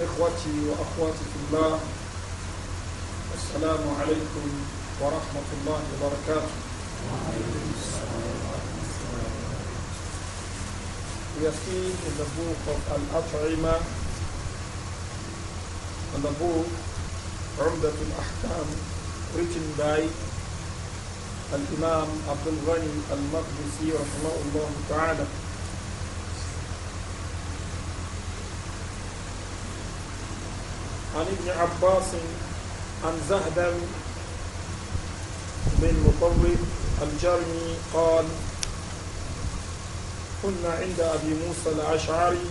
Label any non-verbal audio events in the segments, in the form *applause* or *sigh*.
إخوتي وأخواتي في الله السلام عليكم ورحمة الله وبركاته We are seeing in the book of Al-At'ima and the book Umdat Al-Ahkam written by Al-Imam Abdul Ghani Al-Maqdisi رحمه الله تعالى عن ابن عباس عن زهد بن مطوب الجرمي قال كنا عند أبي موسى الأشعري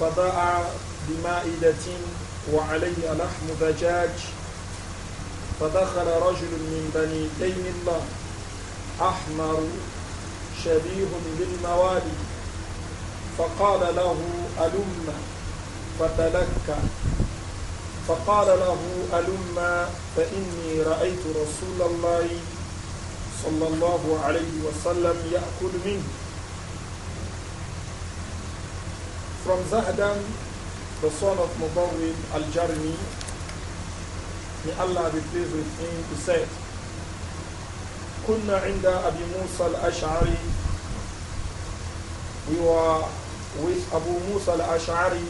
فضاع بمائدة وعليه لحم دجاج فدخل رجل من بني تيم الله أحمر شبيه بالموالي فقال له ألم فتلكى فقال له ألما فإني رأيت رسول الله صلى الله عليه وسلم يأكل منه From Zahdan, the son of Mubawid al-Jarmi, may Allah be pleased with him, he said, كنا عند أبي موسى الأشعري We were with Abu Musa al-Ash'ari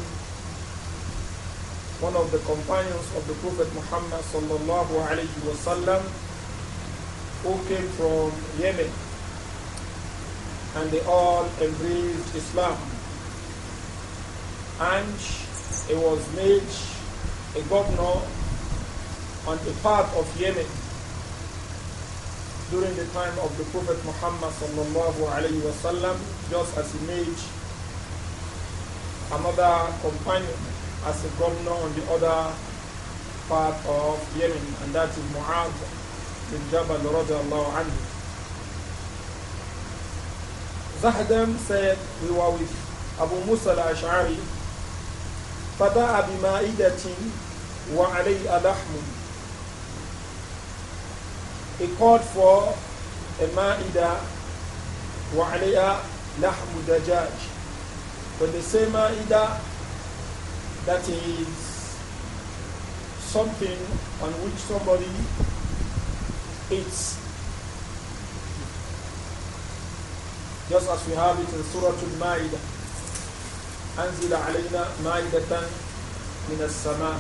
one of the companions of the Prophet Muhammad sallallahu alayhi wasallam, who came from Yemen, and they all embraced Islam. And he was made a governor on the part of Yemen during the time of the Prophet Muhammad sallallahu alayhi wasallam, just as he made another companion as a governor on the other part of Yemen, and that is Mu'adh bin Jabal radiallahu anhu. Zahdam said, we were with Abu Musa al-Ash'ari, فَدَعَ بِمَائِدَةٍ وَعَلَيْهَا لَحْمٌ He called for a wa وَعَلَيْهَا لَحْمُ دَجَاجٍ When they say maida that is something on which somebody eats. Just as we have it in Surah Al-Ma'idah. أنزل علينا مائدة من السماء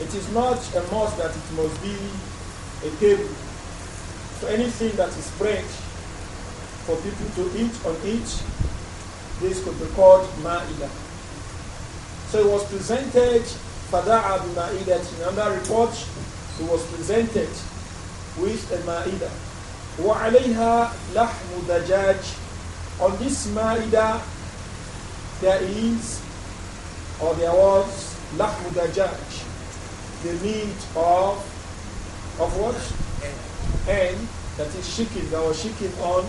It is not a must that it must be a table. So anything that is bread for people to eat on each, this could be called maida. So he was presented, Fada'a and that report, he was presented with a ma'ida. وَعَلَيْهَا لَحْمُ دَجَاجٍ On this ma'ida, there is, or there was, لَحْمُ دَجَاجٍ The meat of, of what? And that is chicken, that was chicken on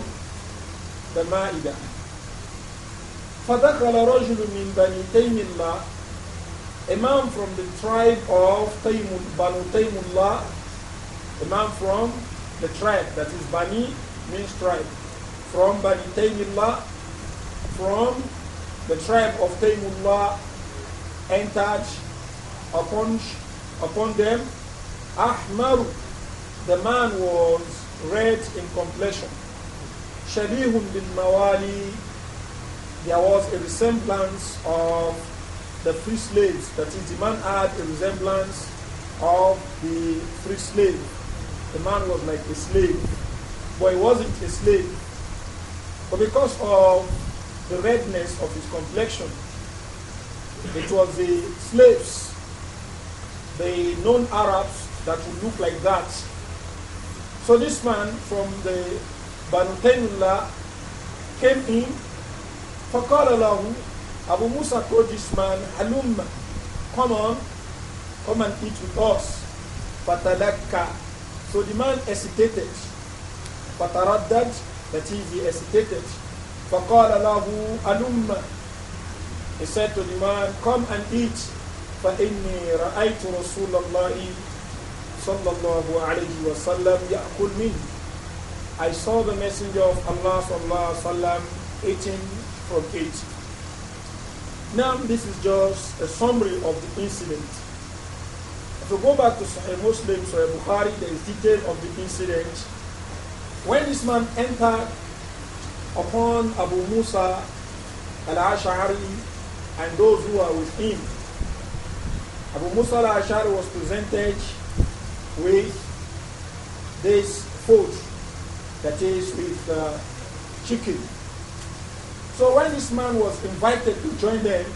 the ma'ida. فدخل رجل من بني تيم الله a man from the tribe of Taymul, Banu Taymullah, a man from the tribe, that is Bani means tribe, from Bani Taymullah, from the tribe of Taymullah, entered upon, upon them. Ahmar, the man was red in complexion. Shabihun bin Mawali, there was a resemblance of the free slaves. That is, the man had a resemblance of the free slave. The man was like a slave, but he wasn't a slave. But because of the redness of his complexion, it was the slaves, the non Arabs, that would look like that. So this man from the Banu Taymullah came in, فقال له Abu Musa called this man, Alum, come on, come and eat with us. Fatalaka. So the man hesitated. Fataraddad, that is, he hesitated. فقال له ألم He said to the man, come and eat. فإني رأيت رسول الله صلى الله عليه وسلم يأكل منه. I saw the messenger of Allah صلى الله عليه وسلم eating from it. Now, this is just a summary of the incident. If you go back to Sahih Muslim, Sahih Bukhari, there is detail of the incident. When this man entered upon Abu Musa al-Ash'ari and those who are with him, Abu Musa al-Ash'ari was presented with this food, that is with uh, chicken. So when this man was invited to join them,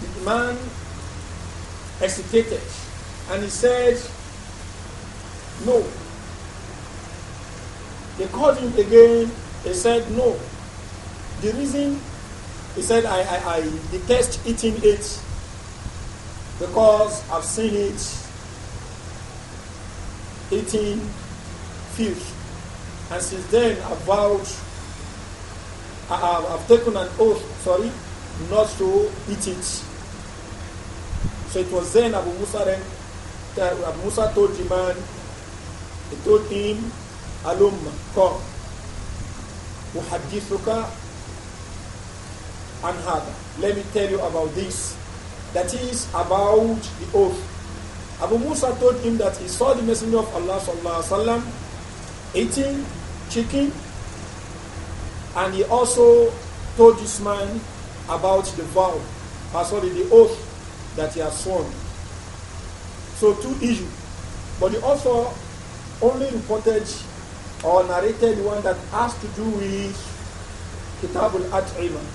the man hesitated and he said, No. They called him again. He said, No. The reason he said, I, I, I detest eating it because I've seen it eating fish. And since then, I vowed I, have taken an oath, sorry, not to eat it. So it was then Abu Musa then, uh, Abu Musa told the man, he told him, Alum, come, Uhadithuka and Hada. Let me tell you about this. That is about the oath. Abu Musa told him that he saw the Messenger of Allah sallallahu alaihi wasallam eating chicken and he also told this man about the vow, uh, sorry, the oath that he has sworn. So two issues. But the author only reported or narrated one that has to do with Kitab al-At'imah.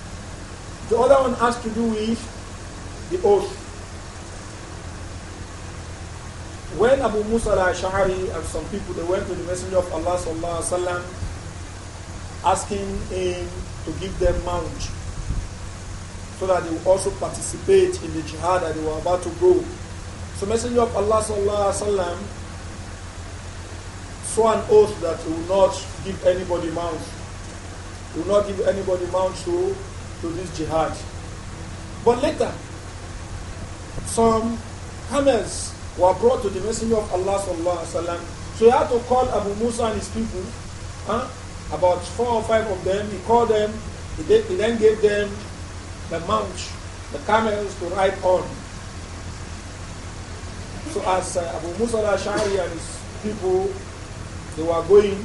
The other one has to do with the oath. When Abu Musa al-Ash'ari and some people, they went to the Messenger of Allah sallallahu alaihi wasallam asking him to give them mount so that they will also participate in the jihad that they were about to go. So Messenger of Allah sallallahu alaihi wasallam swore an oath that he will not give anybody mount. He will not give anybody mount to, to this jihad. But later, some camels were brought to the Messenger of Allah sallallahu alaihi wasallam. So he had to call Abu Musa and his people huh, about four or five of them. He called them, he, did, he then gave them the mount, the camels to ride on. So as uh, Abu Musa al-Ash'ari and his people, they were going,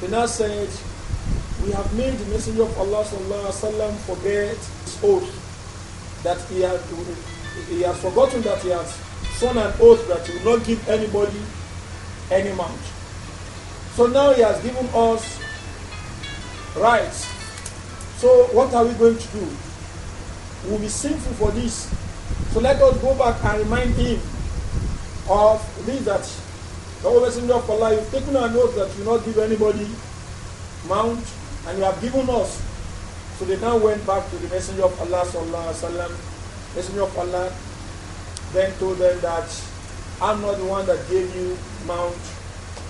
they now said, we have made the messenger of Allah sallallahu alaihi wasallam forget his oath that he had he has forgotten that he has sworn an oath that he will not give anybody any mount. So now he has given us Right. So what are we going to do? We'll be sinful for this. So let us go back and remind him of this that the Messenger of Allah, you've taken a note that you not give anybody mount and you have given us. So they now went back to the Messenger of Allah sallallahu alaihi wasallam. Messenger of Allah then told them that I'm not the one that gave you mount.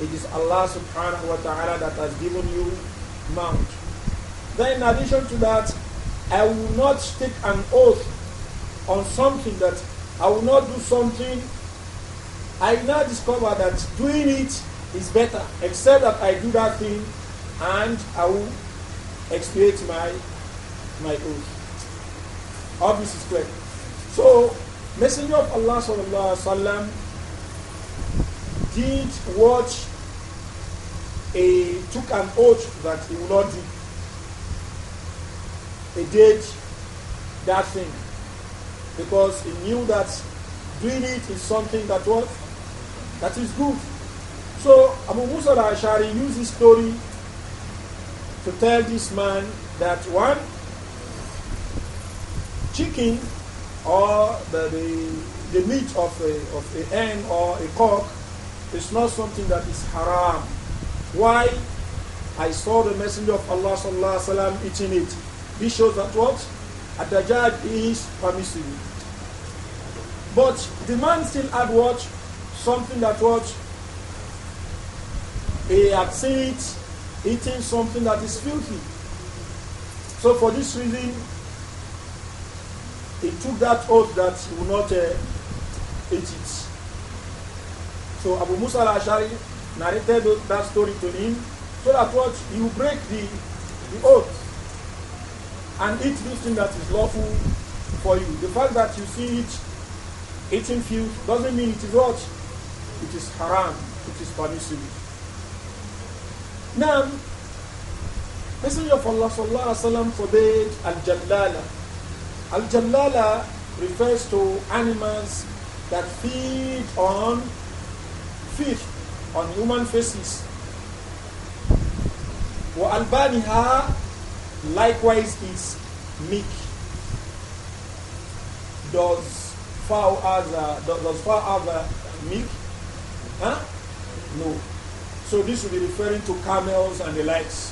It is Allah subhanahu wa ta'ala that has given you mount. Then, in addition to that, I will not take an oath on something that I will not do something. I now discover that doing it is better, except that I do that thing and I will expiate my my oath. Obviously, this clear. So, Messenger of Allah sallallahu alaihi wasallam did what he took an oath that he will not do. He did that thing because he knew that doing it is something that was that is good. So Abu Musa al-Ashari used this story to tell this man that one chicken or the, the, the meat of a, of a hen or a cock is not something that is haram why? I saw the Messenger of Allah sallallahu alaihi wasallam eating it. This shows that what? ad is permissible. But the man still had what? Something that what? He had seen it eating something that is filthy. So for this reason, he took that oath that he would not uh, eat it. So Abu Musa al-Ashari narrated that story to him so that what he will break the, the oath and eat this thing that is lawful for you. The fact that you see it eating food doesn't mean it is what? It is haram, it is permissible. Now, Messenger of Allah sallallahu wa wasallam forbade al-jallala. Al-jallala refers to animals that feed on fish on human faces. وَأَلْبَانِهَا likewise is meek. Does far other does, does fowl other meek? Huh? No. So this will be referring to camels and the likes.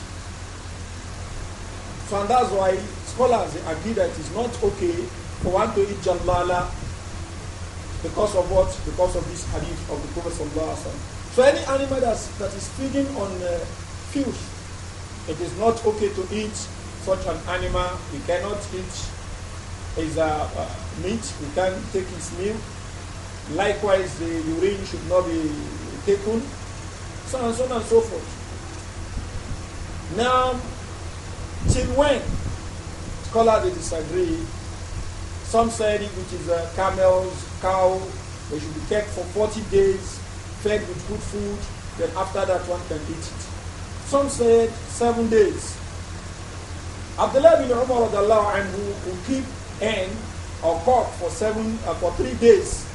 So and that's why scholars agree that it's not okay for one to eat jalala because of what? Because of this hadith of the Prophet Sallallahu Alaihi Wasallam. For any animal that's, that is feeding on uh, filth, it is not okay to eat such an animal. We cannot eat his uh, uh, meat. We can't take his meal. Likewise, the urine should not be taken. So on and so on and so forth. Now, till when? Scholars disagree. Some said is a uh, camels, cow. They should be kept for 40 days fed with good food, then after that one can eat it. Some said seven days. Abdullah bin Umar anhu will keep hen or cock for seven uh, for three days.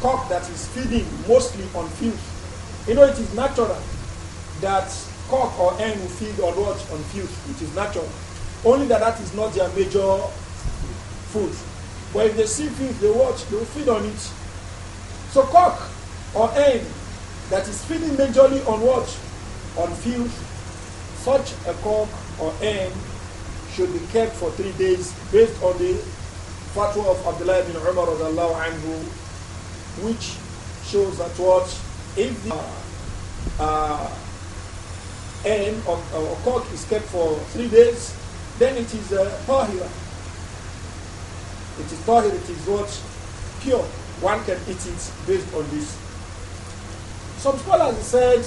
Cock that is feeding mostly on fish. You know it is natural that cock or hen will feed or lodge on fish. It is natural. Only that that is not their major food. But if they see fish, they watch, they will feed on it. So cock or aim that is feeding majorly on what? On filth, such a cock or aim should be kept for three days based on the fatwa of Abdullah bin Umar anhu, which shows that what if the uh, aim of uh, cock is kept for three days, then it is a uh, It is tahir, it is what? Pure. One can eat it based on this. Some scholars said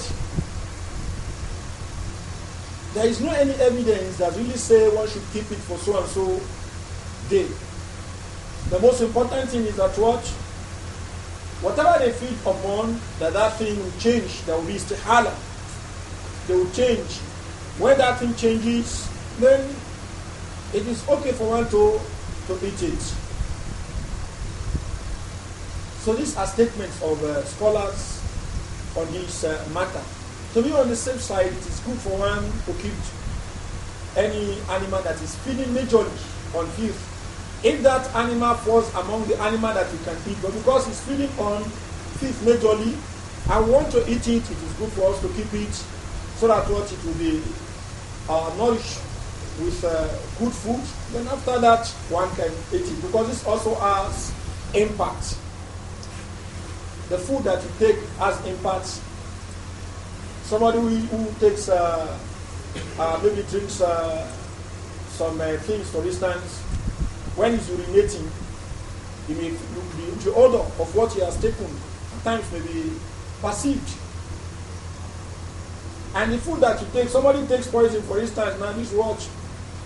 there is no any evidence that really say one should keep it for so and so day. The most important thing is that what whatever they feed upon, that that thing will change. There will be halal. They will change. When that thing changes, then it is okay for one to, to eat it. So these are statements of uh, scholars on this uh, matter. To be on the safe side, it is good for one to keep any animal that is feeding majorly on fish. If that animal falls among the animal that you can eat, but because it's feeding on fish majorly, I want to eat it, it is good for us to keep it so that what it will be uh, nourished with uh, good food. Then after that, one can eat it because this also has impact the food that you take has impacts. Somebody who, who takes, uh, uh, maybe drinks uh, some uh, things, for instance, when he's urinating, he may, the, the odor of what he has taken at times may be perceived. And the food that you take, somebody takes poison, for instance, now this watch,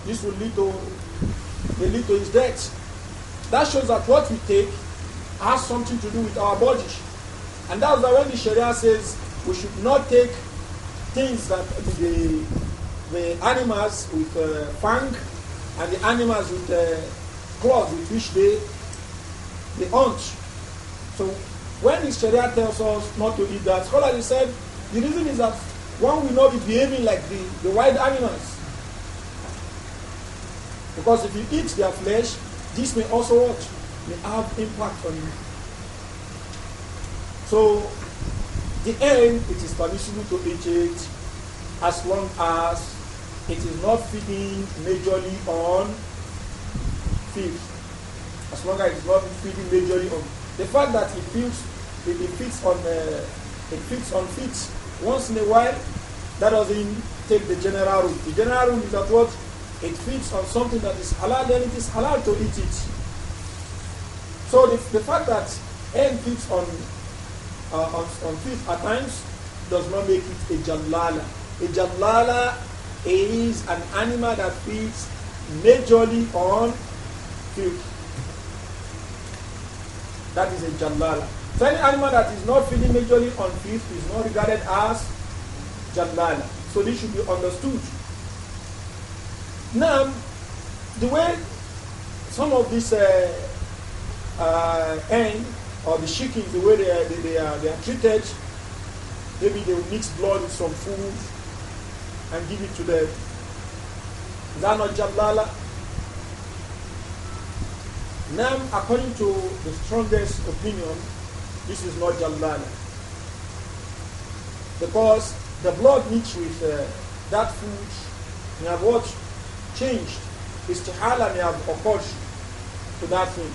this will lead to, will lead to his death. That shows that what we take has something to do with our bodies. And that's why when the Sharia says we should not take things that the, the animals with uh, fang and the animals with uh, claws with which they, the hunt. So when the Sharia tells us not to eat that, scholarly said the reason is that one will not be behaving like the, the wild animals. Because if you eat their flesh, this may also what? May have impact on you. So the end, it is permissible to eat it as long as it is not feeding majorly on fish. As long as it is not feeding majorly on the fact that it feeds, it, it feeds on uh, it feeds on fish once in a while, that doesn't take the general rule. The general rule is that what it feeds on something that is halal, then it is halal to eat it. So the, the fact that end feeds on uh, on, on fifth at times does not make it a jallala. A jallala is an animal that feeds majorly on filth. That is a jallala. So any animal that is not feeding majorly on filth is not regarded as jallala. So this should be understood. Now, the way some of these uh, uh, end or the shikis, the way they are, they, they, are, they are treated, maybe they will mix blood with some food and give it to them. Is that not Jablala? Now, according to the strongest opinion, this is not Jablala. Because the blood mixed with uh, that food may have what changed. Istihala may have occurred to that thing.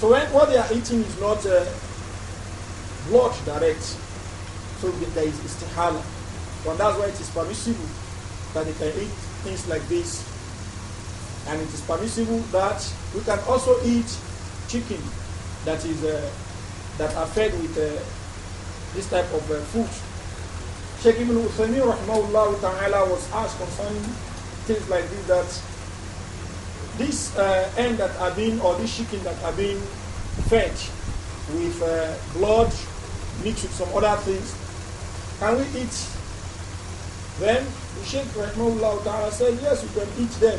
So when, what they are eating is not uh, blood direct, so there is istihala. And that's why it is permissible that they can eat things like this. And it is permissible that we can also eat chicken that is uh, that are fed with uh, this type of uh, food. Sheikh Ibn Uthaymeen rahmahullah ta'ala was asked concerning things like this that this uh, end that are being or this chicken that are being fed with uh, blood mixed with some other things. Can we eat them? The Sheikh Rahmanullah Ta'ala said, yes, you can eat them.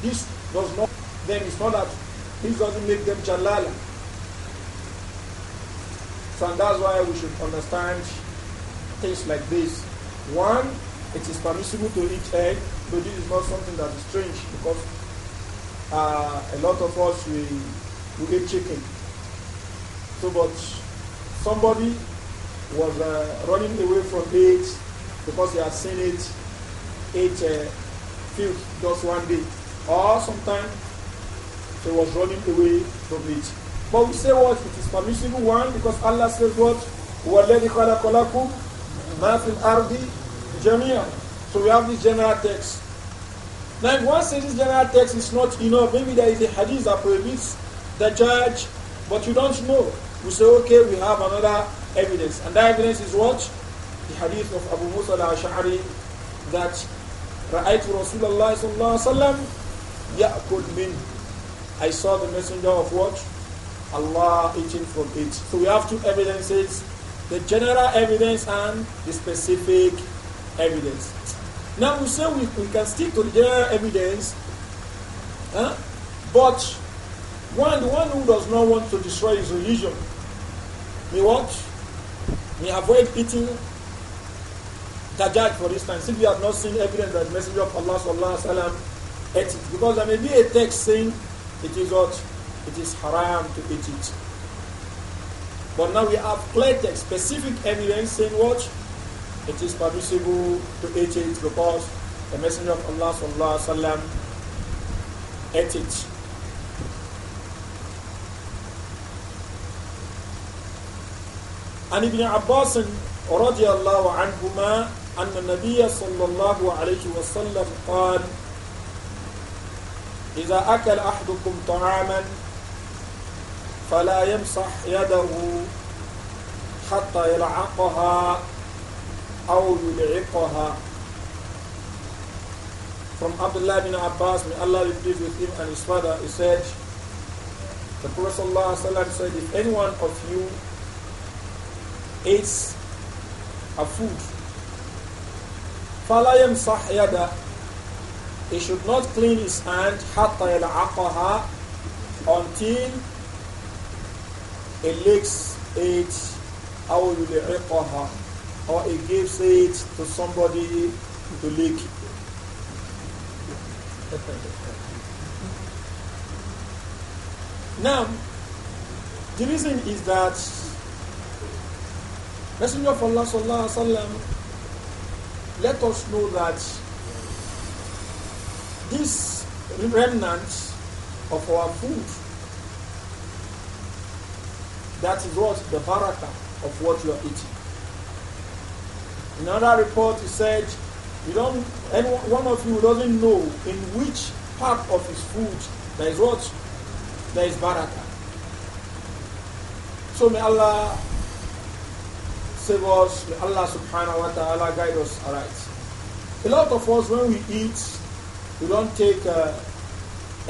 This does not, then it's not that this doesn't make them jalala. So and that's why we should understand things like this. One, it is permissible to eat egg, but this is not something that is strange because uh, a lot of us, we, we eat chicken. So, but somebody was uh, running away from it because he had seen it, it uh, filled just one day. Or sometimes he was running away from it. But we say what? It is permissible one because Allah says what? وَالَّذِي خَلَقَ لَكُمْ مَا فِي الْأَرْضِ جَمِيعًا So we have this general text. Now if one says this general text is not enough, maybe there is a hadith that prohibits the judge, but you don't know we say, okay, we have another evidence. And that evidence is what? The hadith of Abu Musa al-Ash'ari that رَأَيْتُ رَسُولَ اللَّهِ صَلَّى اللَّهُ عَلَيْهِ وَسَلَّمْ يَأْكُلْ مِنْ I saw the messenger of what? Allah eating from it. So we have two evidences, the general evidence and the specific evidence. Now we say we, we can stick to the general evidence, huh? but one, the one who does not want to destroy his religion we what? We avoid eating Dajjal, for instance, if you have not seen evidence that the Messenger of Allah sallallahu alaihi wasallam ate it, because there may be a text saying it is what it is haram to eat it. But now we have clear text, specific evidence saying what it is permissible to eat it because the Messenger of Allah sallallahu alaihi wasallam ate it. عن ابن عباس رضي الله عنهما أن النبي صلى الله عليه وسلم قال إذا أكل أحدكم طعاما فلا يمسح يده حتى يلعقها أو يلعقها From Abdullah bin Abbas, may Allah be pleased with him and his father, he said, The Prophet said, If anyone of you eats a food. فَلَا يَمْسَحْ He should not clean his hand hatta يَلْعَقَهَا until he licks it أَوْ يُلْعِقَهَا or he gives it to somebody to lick. *laughs* now, the reason is that Messenger of Allah sallallahu alaihi wasallam let us know that this remnant of our food that is what the barakah of what you are eating. In another report, he said, "You don't. Any one of you doesn't know in which part of his food there is what there is barakah." So may Allah save us. May Allah subhanahu wa ta'ala guide us alright. A lot of us, when we eat, we don't take uh,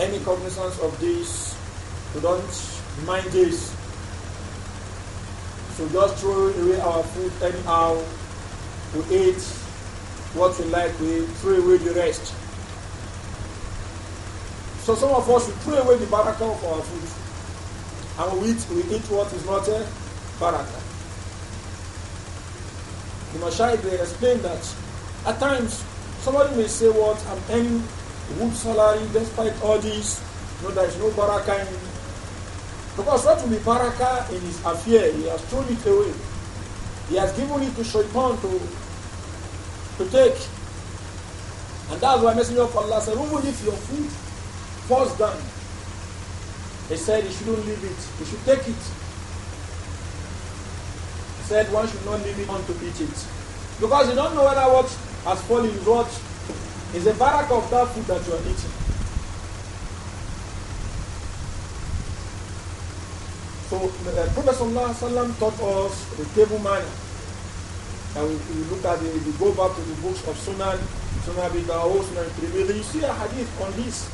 any cognizance of this. We don't mind this. So just throw away our food anyhow. We eat what we like, we throw away the rest. So some of us, we throw away the barakah of our food. And we eat, we eat what is not a uh, barakah. The Mashaykh, they explain that at times somebody may say, What? I'm earning good salary despite all this. No, there is no baraka in Because what will be baraka in his affair? He has thrown it away. He has given it to shaitan to, to take. And that's why Messenger of Allah said, even if your food falls down, he said you shouldn't leave it, you should take it said one should not leave it on to beat it. Because you don't know whether what has fallen is what is the barak of that food that you are eating. So the uh, Prophet taught us the table manner. And we, we look at the, we go back to the books of Sunan, Sunan Bidawo, Sunan Tirmidhi. You see a hadith on this.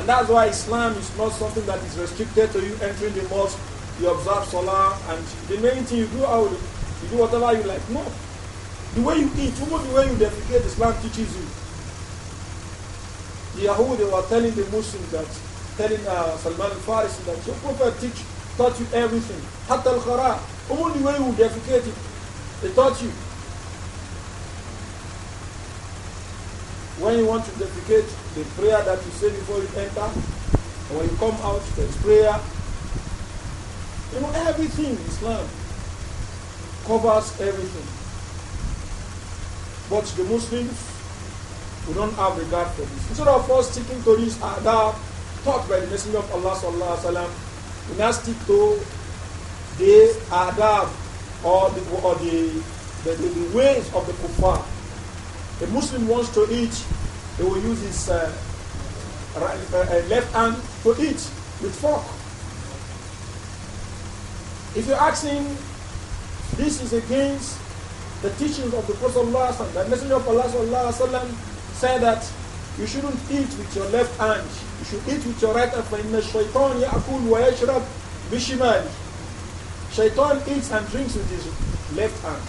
And that's why Islam is not something that is restricted to you entering the mosque you observe Salah, and the main thing you do out, you do whatever you like. No. The way you eat, almost the way you defecate, Islam teaches you. The Yahoo, they were telling the Muslims that, telling uh, Salman al-Farisi that your prophet teach, taught you everything. Hatta al-Khara, only way you defecate it, they taught you. When you want to defecate, the prayer that you say before you enter, when you come out, there's prayer, you know, everything Islam covers everything. But the Muslims, we don't have regard for this. Instead of us sticking to this adab taught by the Messenger of Allah sallallahu alaihi wasallam, we now stick to the adab or the, or the, the, the, the ways of the kuffar. A Muslim wants to eat, he will use his uh, right, uh, uh left hand to eat with fork. If you are asking, this is against the teachings of the Prophet ﷺ. The Messenger of Allah ﷺ said that you shouldn't eat with your left hand. You should eat with your right hand. فَإِنَّ الشَّيْطَانَ يَأْكُلُ وَيَشْرَبْ بِشِمَالِ Shaitan eats and drinks with his left hand.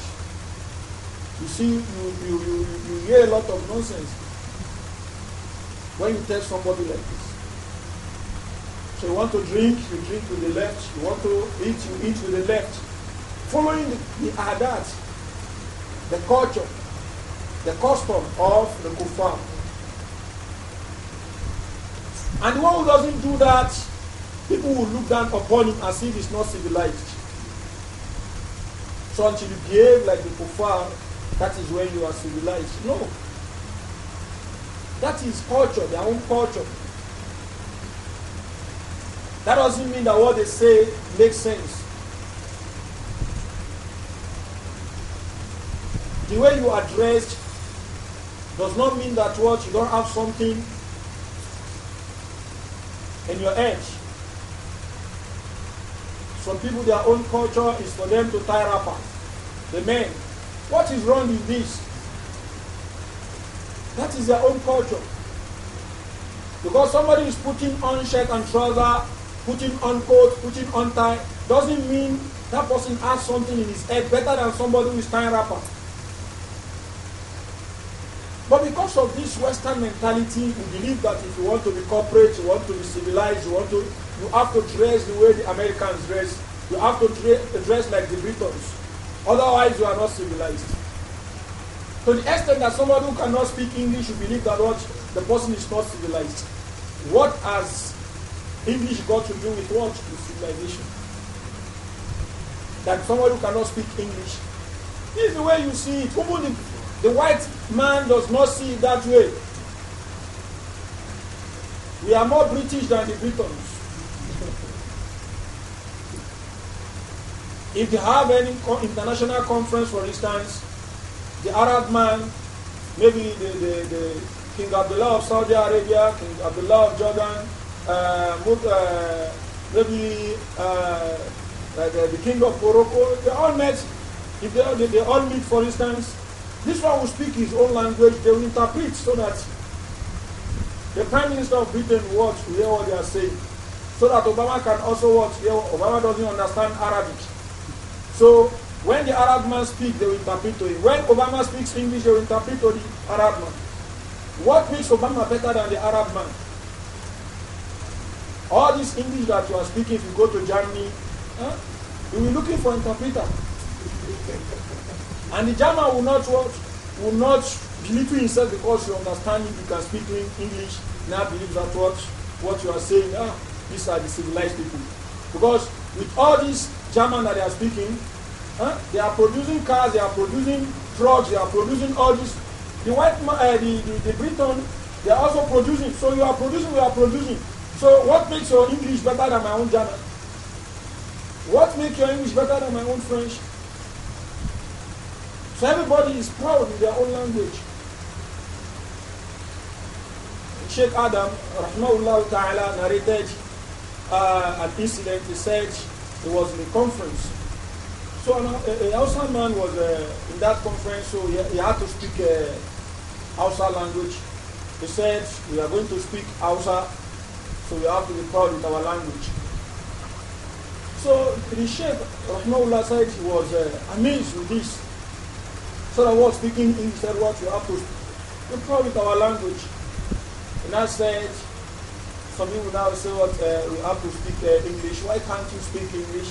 You see, you, you, you, you hear a lot of nonsense when you tell somebody like this. So you want to drink, you drink with the left. You want to eat, you eat with the left. Following the, the adat, the culture, the custom of the Kufar. And the one who doesn't do that, people will look down upon him as if he's not civilized. So until you behave like the Kufar, that is when you are civilized. No. That is culture, their own culture. That doesn't mean that what they say makes sense. The way you are dressed does not mean that what you don't have something in your head. Some people, their own culture is for them to tie wrappers. The men. What is wrong with this? That is their own culture. Because somebody is putting on shirt and trouser putting on coat, putting on tie, doesn't mean that person has something in his head better than somebody who is tie wrapper. But because of this Western mentality, we believe that if you want to be corporate, you want to be civilized, you want to, you have to dress the way the Americans dress. You have to dress like the Britons. Otherwise, you are not civilized. To the extent that somebody who cannot speak English, you believe that what the person is not civilized. What has English got to do with what? With civilization. That somebody who cannot speak English. This is the way you see it. Even the, the white man does not see it that way. We are more British than the Britons. if they have any international conference, for instance, the Arab man, maybe the, the, the King Abdullah of Saudi Arabia, King Abdullah of Jordan, uh, uh, maybe uh, the, uh, the, king of Morocco, they all met. If they, they, all meet, for instance, this one will speak his own language, they will interpret so that the prime minister of Britain what to hear what they are saying. So that Obama can also watch. Obama doesn't understand Arabic. So when the Arab man speaks, they will interpret to him. When Obama speaks English, they will interpret to the Arab man. What makes Obama better than the Arab man? All this English that you are speaking, if you go to Germany, huh, you will be looking for interpreter. and the German will not what? Will not to himself because you understand it, you can speak English, now believe that what, what you are saying, ah, these are the civilized people. Because with all this German that they are speaking, huh, they are producing cars, they are producing drugs, they are producing all this. The white, uh, the, the, the Briton, they are also producing. So you are producing, we are producing. So what makes your English better than my own German? What makes your English better than my own French? So everybody is proud in their own language. Sheikh Adam, rahmahullah ta'ala, narrated uh, an incident. He said he was in a conference. So an uh, Hausa man was uh, in that conference, so he, he had to speak uh, language. He said, we are going to speak Hausa so we have to be proud with our language. So the Sheikh Rahmanullah said he was uh, amazed with this. So I was speaking English, said what we have to be proud with our language. And I said, some people now say what uh, we have to speak uh, English. Why can't you speak English?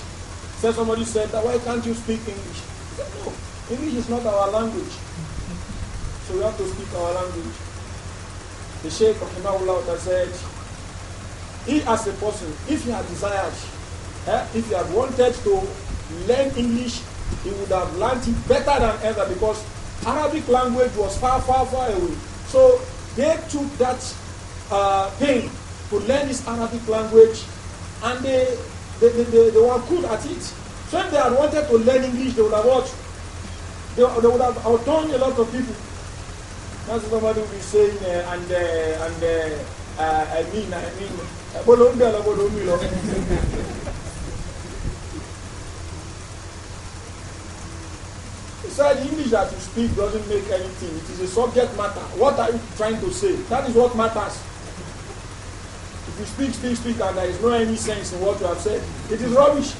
So somebody said that why can't you speak English? Said, no, English is not our language. So we have to speak our language. The Sheikh Rahimahullah said, he as a person, if he had desired, eh, if he had wanted to learn English, he would have learned it better than ever because Arabic language was far, far, far away. So they took that uh, pain to learn this Arabic language and they, they, they, they, they were good at it. So if they had wanted to learn English, they would have watched. They, they would have outdone a lot of people. That's somebody would be saying, eh, eh, eh, uh, and, uh, and I mean, I mean, it's not English that you speak doesn't make anything. It is a subject matter. What are you trying to say? That is what matters. If you speak, speak, speak, and there is no any sense in what you have said, it is rubbish.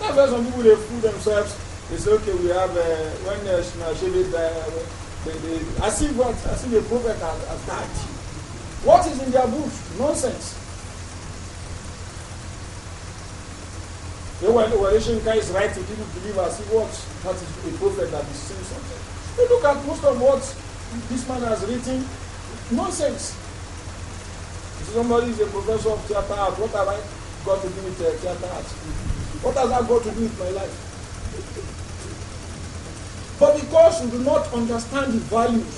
That's why some people they fool themselves. They say, okay, we have uh, when uh, Shemashebe died, uh, they, they, I see what, I see. the prophet has, has died. What is in their books? Nonsense. The revelation guy is right to didn't believe us. he what that is a prophet that is saying something. You look at most of what this man has written, nonsense. Somebody is a professor of theater art. What have I got to do with uh, theater art? What has that got to do with my life? But because we do not understand the values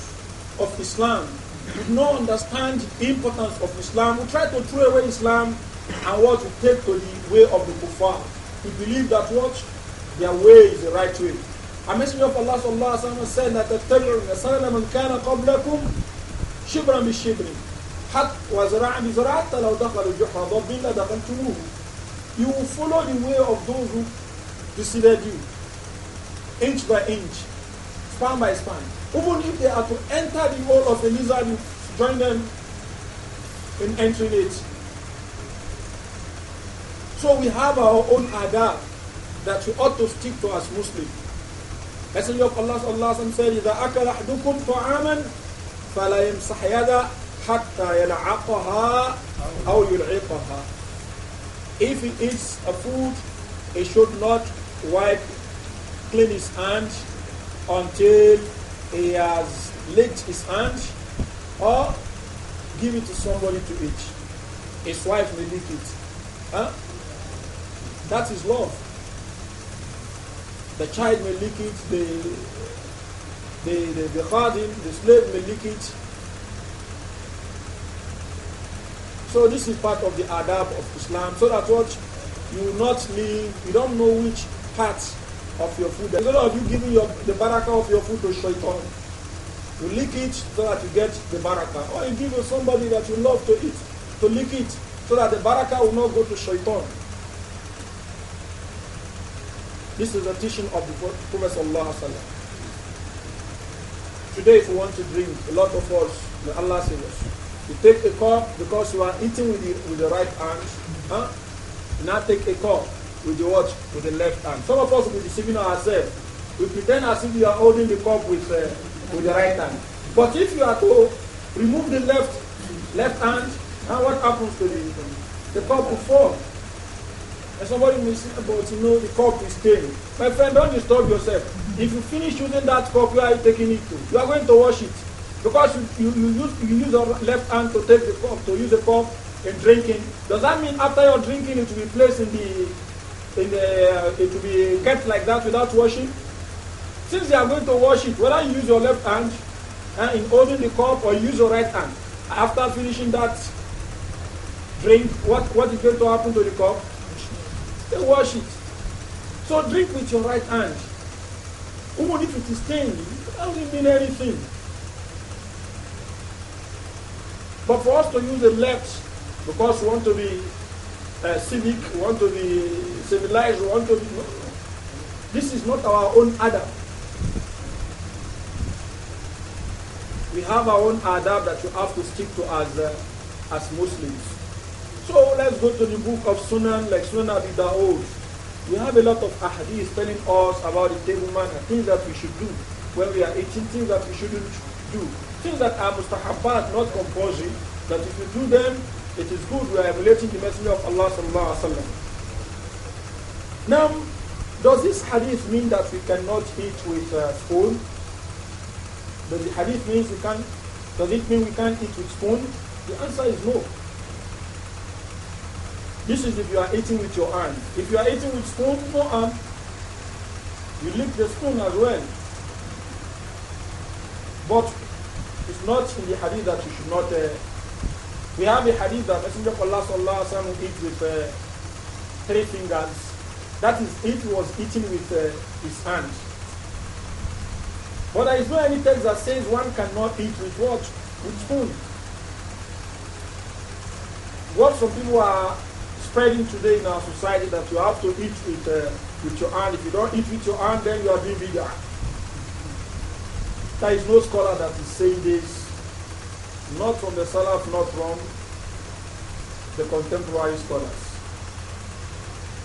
of Islam, do not understand the importance of Islam, we try to throw away Islam and what we take to the way of the kuffar. We believe that what their way is the right way. A messenger of Allah sallallahu alaihi wasallam said that تتبعوا مثلا من كان قبلكم شبرا بالشبر حتى وزراعا بزراع حتى لو دخلوا جحر ضب لدخلتموه. You will follow the way of those who preceded you, inch by inch, span by span. Even if they are to enter the hole of the lizard, join them in entering it. So we have our own adab that we ought to stick to as Muslims. Messenger of Allah sallallahu said, إِذَا أَكَلَ أَحْدُكُمْ طَعَامًا فَلَا يَمْسَحْ حَتَّى يَلْعَقَهَا أَوْ يُلْعِقَهَا If he eats a food, he should not wipe, clean his hands until he has licked his hand or give it to somebody to eat. His wife may lick it. Huh? That is love. The child may lick it, the the the, the khadim, the slave may lick it. So this is part of the adab of Islam, so that what you not leave, you don't know which part of your food. lot of you giving your, the barakah of your food to shaitan, you lick it so that you get the barakah. Or you give to somebody that you love to eat, to lick it, so that the barakah will not go to shaitan. This is the teaching of the Prophet Sallallahu Today if you want to drink, a lot of us, may Allah save us. You take a cup because you are eating with the, with the right hand. Huh? Now take a cup with the watch With the left hand. Some of us will be deceiving ourselves. We pretend as if you are holding the cup with, uh, with the right hand. But if you are to remove the left left hand, now what happens to the the cup will fall? And somebody may say, but you know the cup is stained. My friend, don't disturb yourself. If you finish using that cup, where are you taking it to? You are going to wash it. Because you, you, you use, you use your left hand to take the cup, to use the cup in drinking. Does that mean after your drinking it will be placed in the uh, it, uh, to will be kept like that without washing? Since you are going to wash it, whether you use your left hand uh, in holding the cup or use your right hand, after finishing that drink, what, what is going to happen to the cup? They wash it. So drink with your right hand. Even if it is stained, it doesn't mean anything. But for us to use the left because we want to be uh, civic, we want to be civilized, we want to be. No. This is not our own adab. We have our own adab that you have to stick to as, uh, as Muslims. So let's go to the book of Sunan, like Sunan Abi Dawood. We have a lot of ahadith telling us about the table manner, things that we should do when we are eating, things that we shouldn't do, things that are mustahabat, not compulsory, that if you do them, it is good we are emulating the Messenger of Allah sallallahu alaihi wasallam. Now, does this hadith mean that we cannot eat with a uh, spoon? Does the hadith mean we can? Does it mean we can't eat with spoon? The answer is no. This is if you are eating with your hand. If you are eating with spoon, no arm. You lick the spoon as well. But it's not in the hadith that you should not uh, we have a hadith that Messenger of Allah sallallahu alaihi wasallam eat with uh, three fingers. That is, it was eaten with uh, his hand. But there is no any text that says one cannot eat with what? With spoon. What some people are spreading today in our society that you have to eat with, uh, with your hand. If you don't eat with your hand, then you are being bigger. There is no scholar that is saying this not from the Salaf, not from the contemporary scholars.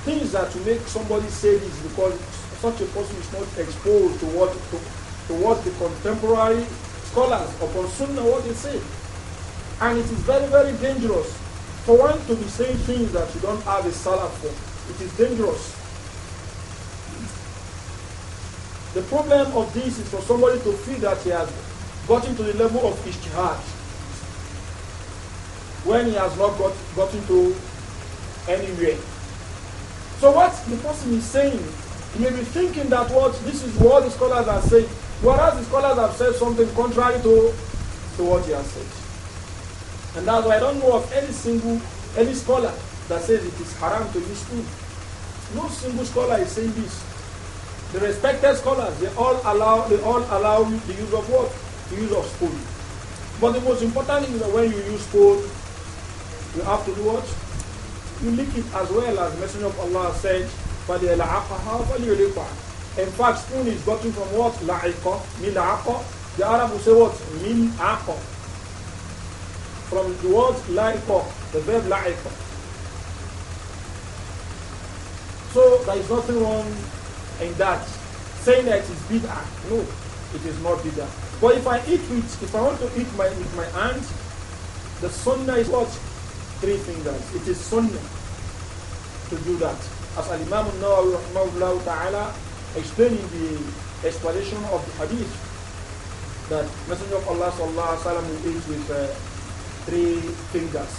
Things that make somebody say this because such a person is not exposed to what to, to what the contemporary scholars upon Sunnah what they say. And it is very, very dangerous for one to be saying things that you don't have a salaf for. It is dangerous. The problem of this is for somebody to feel that he has gotten to the level of ijtihad when he has not got, gotten to anywhere. So what the person is saying, you may be thinking that what this is what the scholars are saying, whereas the scholars have said something contrary to, to what he has said. And that's why I don't know of any single any scholar that says it is haram to use food. No single scholar is saying this. The respected scholars, they all allow they all allow the use of what? The use of spoon. But the most important thing is that when you use spoon, you have to do what? You lick it as well as Messenger of Allah said, فَلْيَلَعَقَهَا فَلْيُلِقَهَا In fact, spoon is gotten from what? لَعِقَ, مِلْعَقَ. The Arab will say what? مِلْعَقَ. From the word لَعِقَ, the verb لَعِقَ. So there is nothing wrong in that. Saying that it's bitter. No, it is not bitter. But if I eat with, if I want to eat my, with my hands, the sunnah is what? three fingers. It is sunnah to do that. As Al-Imam al-Nawawi rahmahullah ta'ala explaining the explanation of the hadith that Messenger of Allah sallallahu alaihi wasallam will eat with uh, three fingers.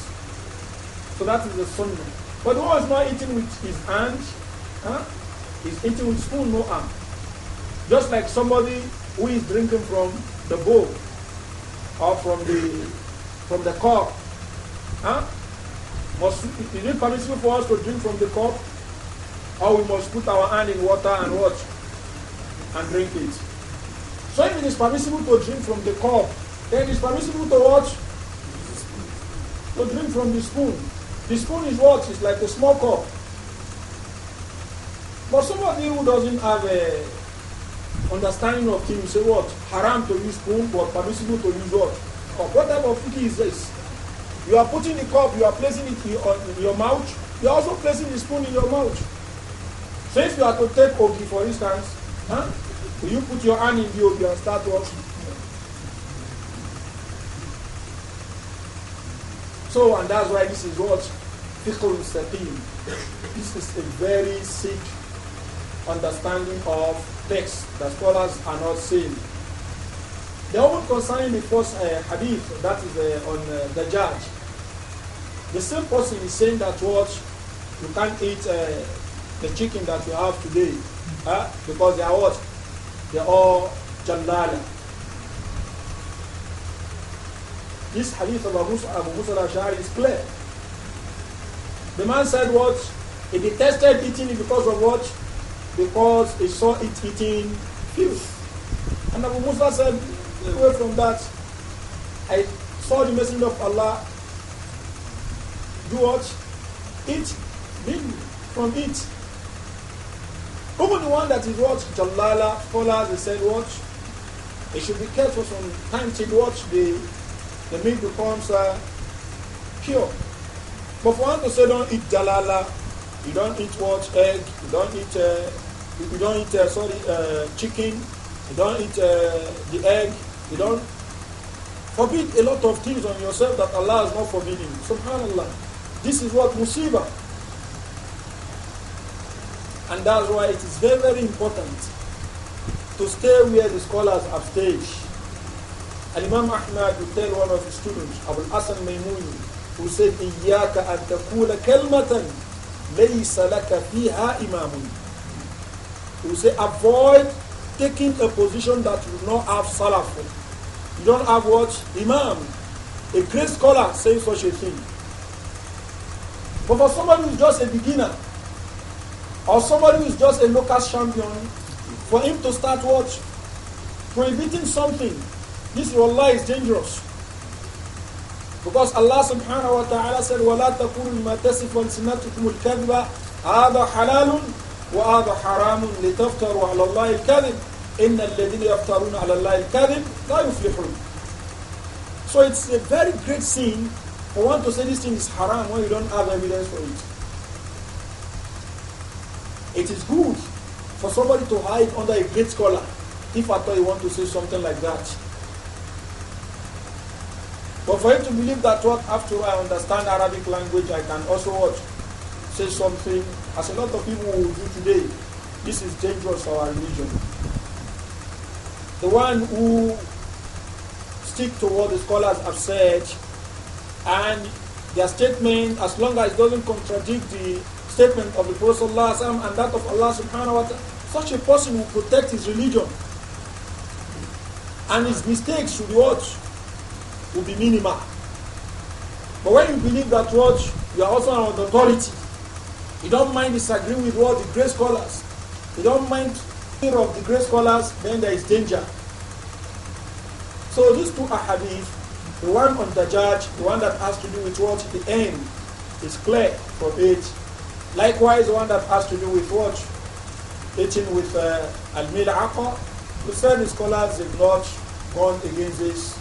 So that is the sunnah. But who is not eating with his hand, huh? he's eating with spoon, no arm. Just like somebody who is drinking from the bowl or from the from the cup, huh? Must, is it permissible for us to drink from the cup? Or we must put our hand in water and watch and drink it? So if it is permissible to drink from the cup, then it is permissible to watch to drink from the spoon. The spoon is what? It's like a small cup. But somebody who doesn't have a understanding of things say what? Haram to use spoon, but permissible to use what? Cup. What type of thinking is this? You are putting the cup, you are placing it in your mouth, you are also placing the spoon in your mouth. So if you are to take Ogi, for instance, huh, you put your hand in the Ogi and start watching. So, and that's why this is what Fiqhul Mustaqim. This is a very sick understanding of text that scholars are not seeing. The only concerning the first uh, hadith, that is uh, on uh, the judge, the same person is saying that what you can't eat uh, the chicken that you have today uh, because they are what? They are all This hadith of Abu Musa, Abu Musa al-Ash'ari is clear. The man said what? He detested eating because of what? Because he saw it eating filth. And Abu Musa said, away from that. I saw the messenger of Allah do what? Eat meat from it. Even the one that is what? Jalala, scholars, they said what? They should be careful from time till what? The, the meat becomes uh, pure. But for one to say don't eat jalala, you don't eat what? Egg, you don't eat, uh, you don't eat, uh, sorry, uh, chicken, you don't eat uh, the egg, you don't forbid a lot of things on yourself that Allah is not forbidding. Subhanallah. This is what musiba. And that's why it is very, very important to stay where the scholars are. stayed. And Imam Ahmad would tell one of his students, Abu Hassan Maimuni, who said, إِيَّاكَ أَن تَقُولَ كَلْمَةً لَيْسَ لَكَ فِيهَا إِمَامٌ He will say, avoid taking a position that you do not have salaf. You don't have what? Imam. A great scholar saying such a thing. But for somebody who's just a beginner, or somebody who's just a local champion, for him to start what? Prohibiting something, this Allah is dangerous. Because Allah subhanahu wa ta'ala said, وَلَا تَقُولُوا مَا تَسِفُ الْكَذِبَ هَذَا حَلَالٌ وَهَذَا حَرَامٌ لِتَفْتَرُوا عَلَى اللَّهِ الْكَذِبَ إِنَّ الَّذِينَ يَفْتَرُونَ عَلَى اللَّهِ الْكَذِبَ لَا يُفْلِحُونَ So it's a very great sin you want to say this thing is haram when you don't have evidence for it. It is good for somebody to hide under a great scholar if at all you want to say something like that. But for him to believe that what after I understand Arabic language, I can also what, say something, as a lot of people will do today, this is dangerous for our religion. The one who stick to what the scholars have said and their statement, as long as it doesn't contradict the statement of the Prophet ﷺ and that of Allah subhanahu wa ta'ala, such a person will protect his religion. And his mistakes should be what? Will be minimal. But when you believe that what, you are also an authority. You don't mind disagreeing with what the great scholars. You don't mind fear of the great scholars, then there is danger. So these two ahadith the one on the judge, the one that has to do with what? The end is clear for it. Likewise, the one that has to do with what? Eating with uh, al-mil aqa. The same scholars have not gone against this.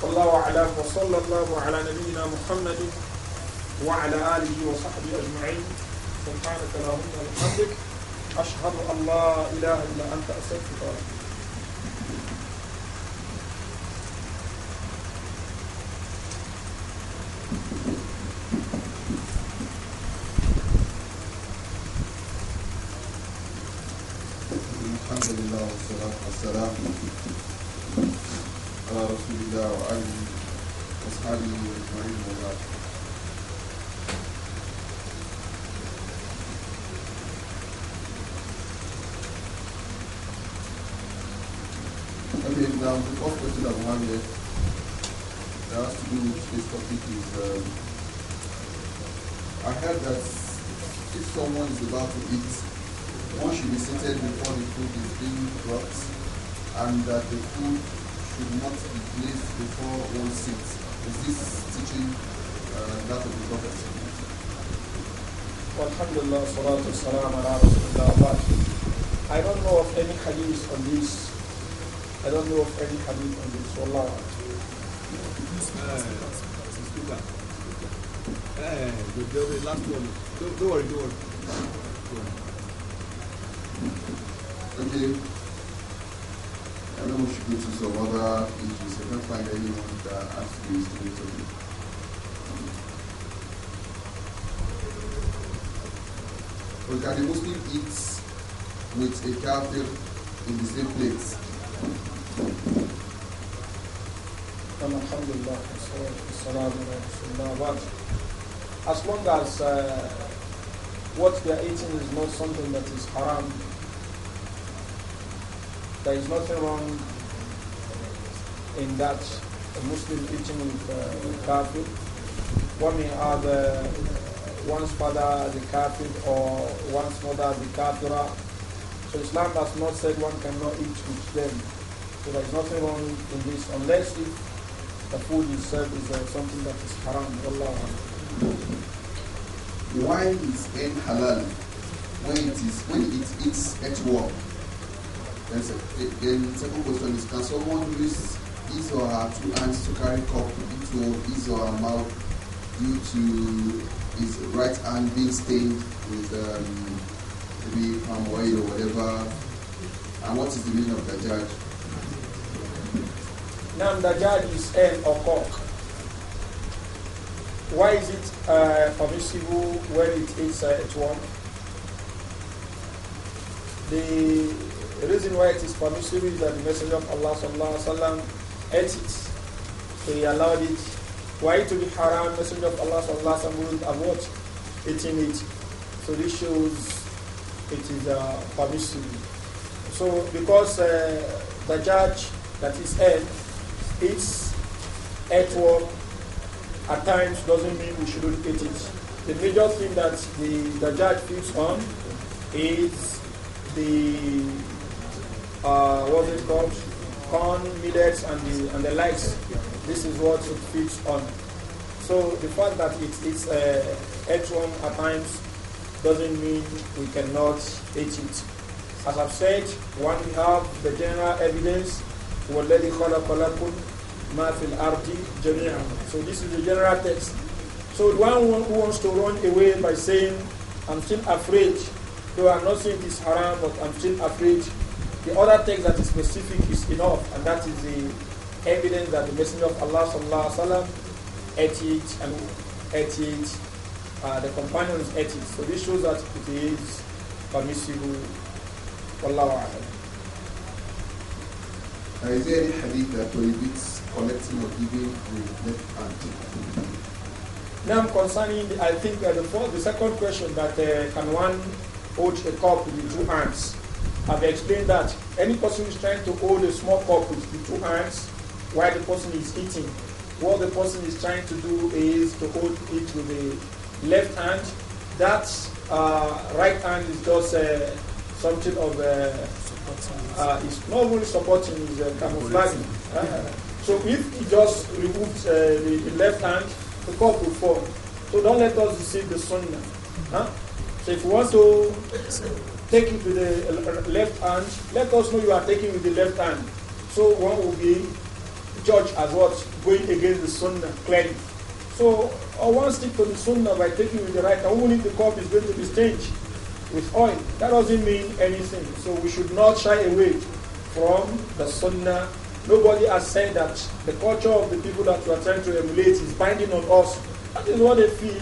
Allahu a'lam wa sallallahu ala nabiyyina Muhammadin wa ala alihi wa sahbihi ajma'in. سبحانك اللهم وبحمدك أشهد أن لا إله إلا أنت أستغفرك السلام على Okay, now the first question that one here that has to do with this topic is um, I heard that if someone is about to eat, one should be seated before the food is being brought and that the food should not be placed before all sins. Is this teaching uh, that of the Prophet? I don't know of any hadith on this. I don't know of any hadith on this. Wallah. Hey, eh, eh, eh, the, the, the last one. Don't, don't worry, don't worry. Don't worry. I know we should go to some other issues. I can't find anyone that has to be straight me. But can a Muslim eat with a kafir in the same place? As long as uh, what they are eating is not something that is haram, there is nothing wrong in that a Muslim eating with uh, kafir. One are the uh, one's father the kafir or one's mother the kafira. So Islam has not said one cannot eat with them. So there is nothing wrong in this unless if the food serve is uh, something that is haram. Allah. Wine is in halal when it is when it eats at work. And then second question is, can someone use his or her two hands to carry cup into his or her mouth due to his right hand being stained with um, maybe palm oil or whatever? And what is the meaning of dajjal? Now, dajjal is an or cock. Why is it uh, permissible when it is uh, at one? The the reason why it is permissible is that the Messenger of Allah sallallahu alaihi wasallam ate it, so he allowed it. Why to be haram? Messenger of Allah sallallahu alaihi wasallam wouldn't avoid eating it. So this shows it is uh, permissible. So because uh, the judge that is head eats work at times doesn't mean we shouldn't eat it. The major thing that the, the judge keeps on is the uh, what's it called? Corn, middles and the, and the likes. This is what it feeds on. So the fact that it, it's uh, one at times doesn't mean we cannot eat it. As I've said, when we have the general evidence, وَالَّذِي خَلَقَ لَكُمْ So this is the general text. So the one who wants to run away by saying, I'm still afraid, though I'm not saying it's haram, but I'm still afraid, the other text that is specific is enough, and that is the evidence that the Messenger of Allah sallallahu alaihi wasallam ate it and ate it. Uh, the companions ate it. So this shows that it is permissible. Wallahu Is there any hadith that prohibits collecting or giving with left hand? Now concerning, the, I think uh, the, the second question that uh, can one hold a cup with two hands? I've explained that any person who is trying to hold a small cup with the two hands while the person is eating, what the person is trying to do is to hold it with the left hand. That uh, right hand is just uh, something of uh, uh, it's not really supporting, it's uh, camouflaging. Uh, so if he just removes uh, the, the, left hand, the cup will fall. So don't let us deceive the sunnah. Huh? So if you want to take it with the uh, left hand, let us know you are taking with the left hand. So one will be judged as what? Going against the sunnah clearly. So or uh, one stick to the sunnah by taking with the right hand, only the cup is going to be stained with oil. That doesn't mean anything. So we should not shy away from the sunnah. Nobody has said that the culture of the people that we are trying to emulate is binding on us. That is what they feel.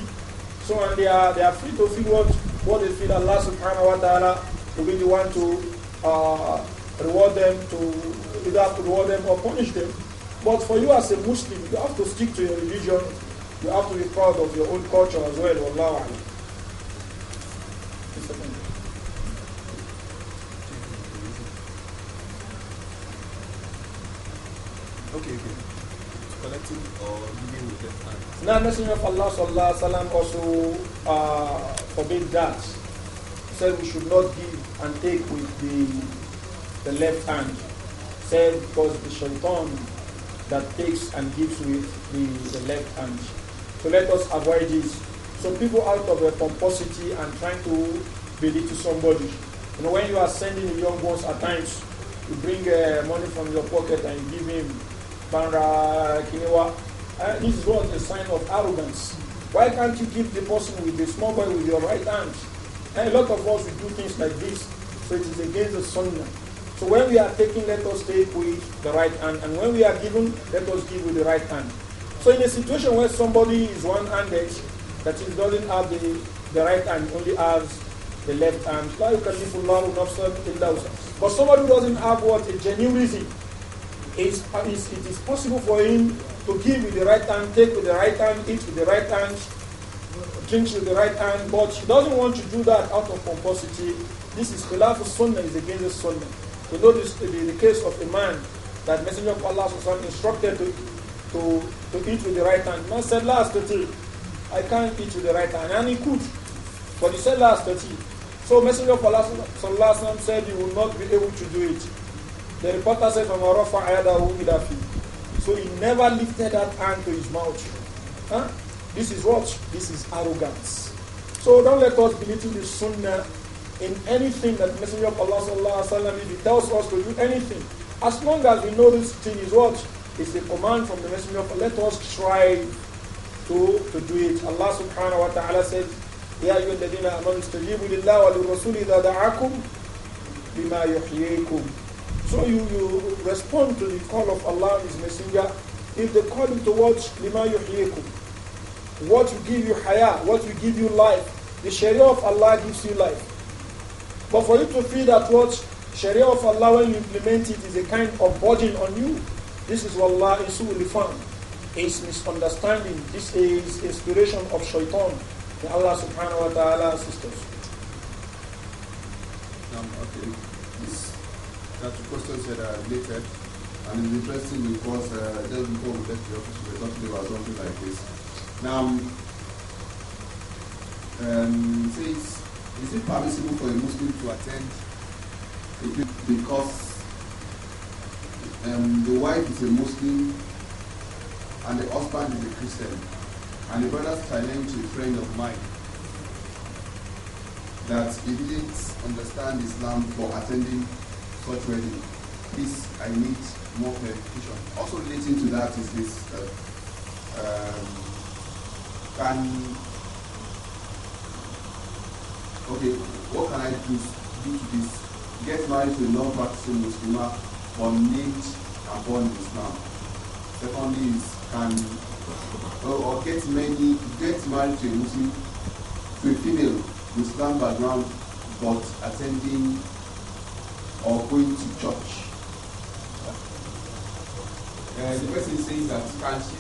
So and they are they are free to feel what what they feel Allah subhanahu wa ta'ala will be the one to uh, reward them, to either have to reward them or punish them. But for you as a Muslim, you have to stick to your religion. You have to be proud of your own culture as well. Allah. Okay, okay. Collecting or now, Messenger of Allah sallallahu sallam, also uh, forbade that. He said we should not give and take with the, the left hand. said because the shaitan that takes and gives with the, the left hand. So let us avoid this. So people out of their pomposity and trying to belittle somebody. You know, when you are sending young ones at times, you bring uh, money from your pocket and you give him Banra Kinewa and this is what a sign of arrogance. Why can't you give the person with the small boy with your right hand? And a lot of us we do things like this. So it is against the sunnah. So when we are taking, let us take with the right hand. And when we are given, let us give with the right hand. So in a situation where somebody is one-handed, that is doesn't have the, the right hand, only has the left hand. But somebody who doesn't have what a genuine reason, it's, it is possible for him to give with the right hand, take with the right hand, eat with the right hand, drink with the right hand, but she doesn't want to do that out of pomposity. This is khilaf sunnah is against the sunnah. this to be the case of a man that Messenger of Allah instructed to, to, to eat with the right hand. Man said, last 30, I can't eat with the right hand. And he could, but he said, last 30. So Messenger of Allah said, you will not be able to do it. The reporter said, فَمَا رَفَعَ يَدَهُ so he never lifted that hand to his mouth. Huh? This is what? This is arrogance. So don't let us belittle the sunnah in anything that Messenger of Allah sallallahu alaihi wasallam tells us to do anything. As long as we know this thing is what is a command from the Messenger of Allah, let us try to, to do it. Allah subhanahu wa ta'ala says, يا أيها الذين آمنوا استجيبوا لله وللرسول إذا دعاكم لما يحييكم so you, you respond to the call of Allah and His Messenger if the call you towards lima yuhyikum. What will give you hayah, what will give you life. The sharia of Allah gives you life. But for you to feel that what sharia of Allah when you implement it is a kind of burden on you, this is what Allah is so found. It's misunderstanding. This is inspiration of shaitan. Allah subhanahu wa ta'ala sisters. Um, okay that questions that are related. And it's interesting because uh, just before we left the office, we were talking about something like this. Now, um, says, is it permissible for a Muslim to attend because um, the wife is a Muslim and the husband is a Christian? And the brother's telling to a friend of mine that he didn't understand Islam for attending God ready. Please, I need more clarification. Also relating to that is this, uh, um, can, okay, what can I do, do to this? Get married to a non-practicing Muslim or named a born in Islam. Secondly is, can, or get many, get married to a Muslim, to a female with Islam background, but attending or going to church. Uh, the person says that can she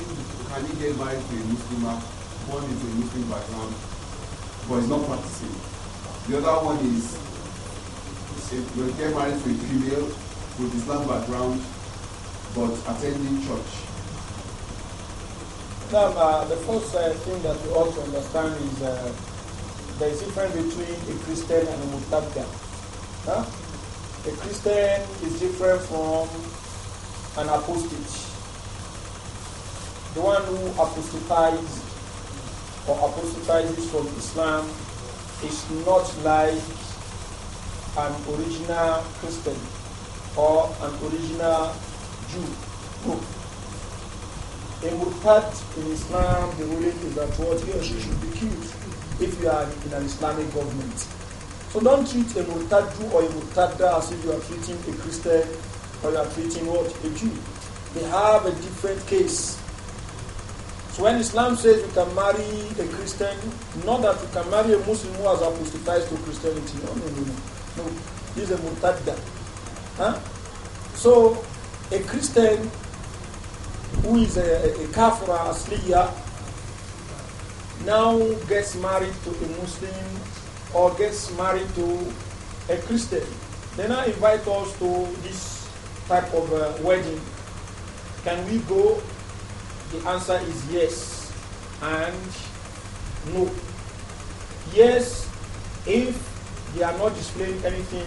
can he get married to a Muslim uh, one into a Muslim background but is not practicing? The other one is she will get married to a female with Islam background but attending church. Now, uh, the first uh, thing that we ought to understand is uh, there is difference between a Christian and a Muslim. Huh? A Christian is different from an apostate. The one who apostatizes or apostatizes from Islam is not like an original Christian or an original Jew. A murtad in Islam, the ruling is that what he or she should be killed if you are in an Islamic government. So don't treat a murtaddu or a murtadda as if you are treating a Christian or you are treating what? A Jew. They have a different case. So when Islam says you can marry a Christian, not that you can marry a Muslim who has apostatized to Christianity. No, no, no, no. No, he's a murtadda. Huh? So a Christian who is a, a, a kafra asliya now gets married to a Muslim or gets married to a Christian. They now invite us to this type of uh, wedding. Can we go? The answer is yes and no. Yes, if they are not displaying anything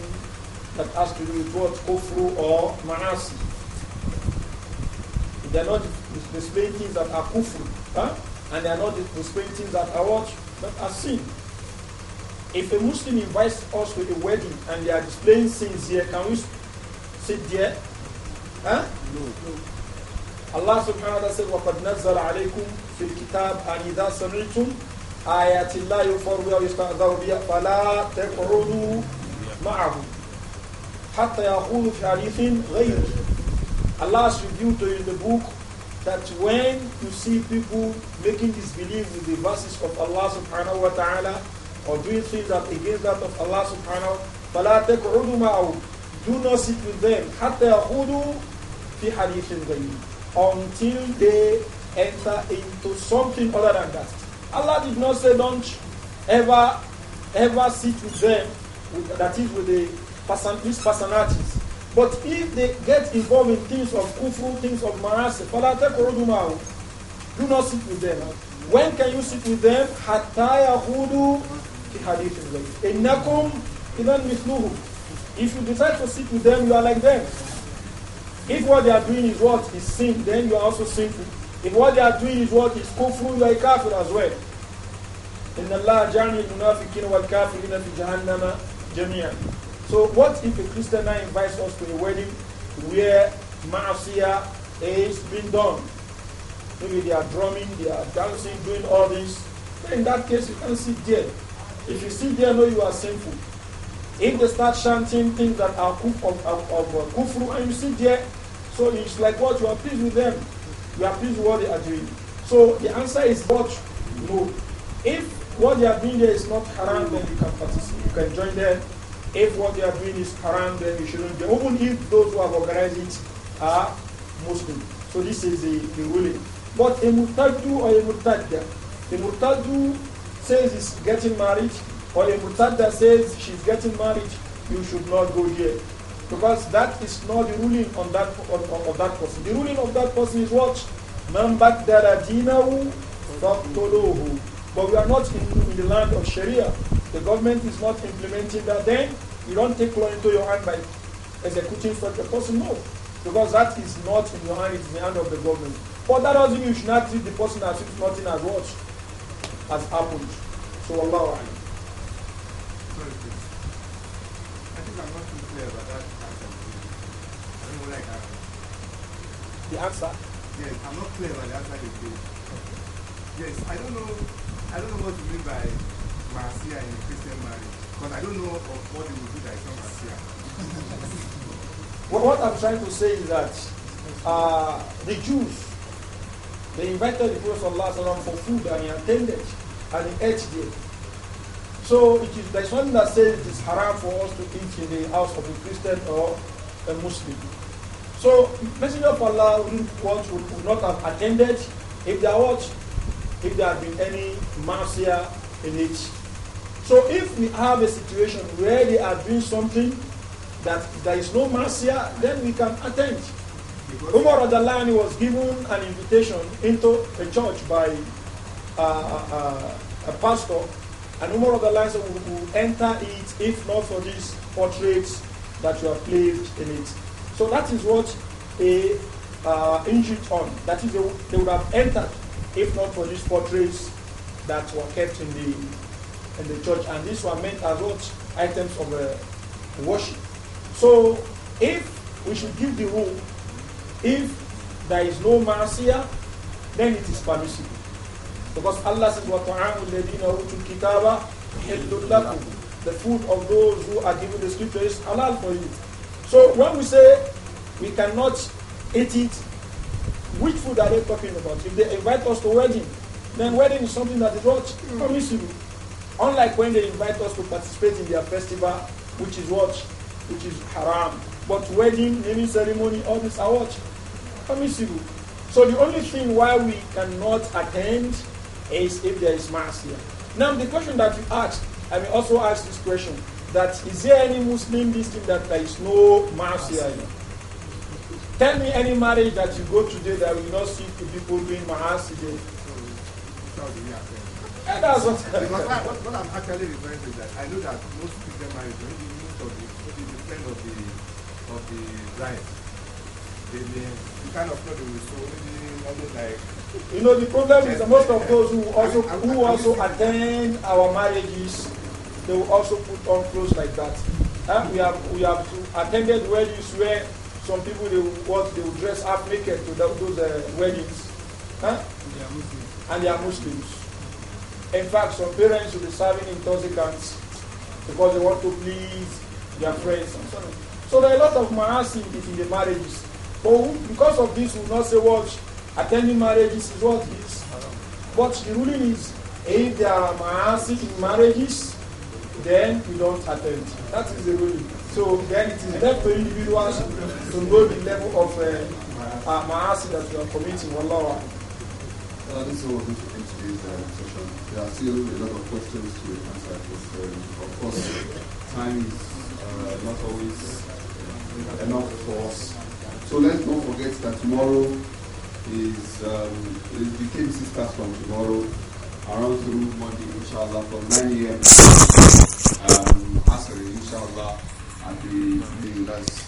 that has to do with what kufu or manasi. If they are not displaying things that are kufu, huh? and they are not displaying things that are what that are sin if a Muslim invites us to a wedding and they are displaying sins here, can we sit there? Huh? No. no. Allah subhanahu wa ta'ala said, وَقَدْ نَزَّلَ عَلَيْكُمْ فِي الْكِتَابِ أَنْ إِذَا سَمِعْتُمْ آيَاتِ اللَّهِ يُفَرْ بِهَا وَيُسْتَعْذَرُ بِهَا فَلَا تَقْعُدُوا مَعَهُمْ حَتَّى يَخُوضُوا فِي حَدِيثٍ غَيْرِ Allah has revealed to you in the book that when you see people making disbelief with the verses of Allah subhanahu wa ta'ala, or do you that against that of Allah subhanahu wa ta'ala. Do not sit with them Until they enter into something other than that. Allah did not say don't ever ever sit with them, with, that is with the person, these personalities. But if they get involved in things of kufu, things of marasi, do not sit with them. When can you sit with them? حَتَّى يَخُودُوا فِي إِنَّكُمْ إِذَنْ If you decide to sit with them, you are like them. If what they are doing is what is sin, then you are also sinful. If what they are doing is what is kufru, you are a kafir as well. إِنَّ اللَّهَ جَعْنِي الْمُنَافِقِينَ وَالْكَافِرِينَ فِي جَهَنَّمَ جَمِيعًا So what if a Christian now invites us to a wedding where ma'asiyah is being done? Maybe they are drumming, they are dancing, doing all this. in that case, you can sit there. If you sit there, know you are sinful. If they start chanting things that are kuf, of, of, of uh, kufru, and you sit there, so it's like what? You are pleased with them. You are pleased with what they are doing. So the answer is what? No. If what they are doing there is not haram, then you can participate. You can join them. If what they are doing is haram, then you shouldn't. Even if those who have organized it are Muslim. So this is the, the ruling. But a murtaddu or a murtadda, a murtaddu says he's getting married, or a murtadda says she's getting married, you should not go here. Because that is not the ruling on that, on, on, on that person. The ruling of that person is what? Man baddala dinahu faqtuluhu. But we are not in, in the land of Sharia. The government is not implementing that. Then you don't take law into your hand by executing such a person. No. Because that is not in your hand, it's in the hand of the government. But that doesn't mean you should not treat the person as if nothing has what has happened. So Allah. Sorry, please. I think I'm not too clear about that answer. I don't like that. The answer? Yes, I'm not clear about the answer you gave. Yes, I don't know. I don't know what you mean by Marcia in a Christian marriage because I don't know of what you would do that is not Marcia. well, *laughs* what I'm trying to say is that uh, the Jews they invited the Prophet ﷺ for food and he attended and he ate there. So it is, there's one that says it is haram for us to eat in the house of a Christian or a Muslim. So Messenger of Allah would, would not have attended if there was, if there had been any marcia in it. So if we have a situation where they are doing something that there is no marcia, then we can attend. Umar Adalani was given an invitation into a church by uh, uh, uh, a pastor, and Umar Adalani said, would will enter it if not for these portraits that you have placed in it. So that is what a uh, injured on. That is, they, they would have entered if not for these portraits that were kept in the in the church, and these were meant as what items of uh, worship. So, if we should give the rule if there is no ma'asiyah, then it is permissible. Because Allah says, وَطَعَامُ الَّذِينَ أُوتُوا الْكِتَابَ حِلٌّ لَكُمْ The food of those who are given the scripture is halal for you. So when we say we cannot eat it, which food are they talking about? If they invite us to wedding, then wedding is something that is not Permissible. Unlike when they invite us to participate in their festival, which is what? Which is haram. But wedding, naming ceremony, all these are what? Permissible. So the only thing why we cannot attend is if there is mass here. Now the question that you asked, I may also ask this question, that is there any Muslim district that there is no mass here? Tell me any marriage that you go today that will not see two people doing mass today. And eh, that's what, what, what I'm actually referring to is that I know that most Christian marriages, when you meet of the, the of the of the bride. you kind of so maybe like. You know, the problem is that most of those who also I I who also I attend our marriages, they will also put on clothes like that. we have we have attended weddings where some people they will what they will dress up naked to those uh, weddings. Huh? And they are Muslims. In fact, some parents will be serving intoxicants because they want to please their friends. I'm sorry. So there are a lot of ma'asi in the marriages. But because of this, we will not say what attending marriages is what is. But the ruling is if there are ma'asi in marriages, then we don't attend. That is the ruling. So then it is left for individuals to know the level of uh, uh, that they are committing. Wallahu uh, this was introduced uh, session. There are still a lot of questions to answer. Because, um, uh, of course, time is uh, not always enough for us. So let's not forget that tomorrow is, um, the team sisters from tomorrow around the room Monday, inshallah, from 9 a.m. Um, Asri, inshallah, at the, the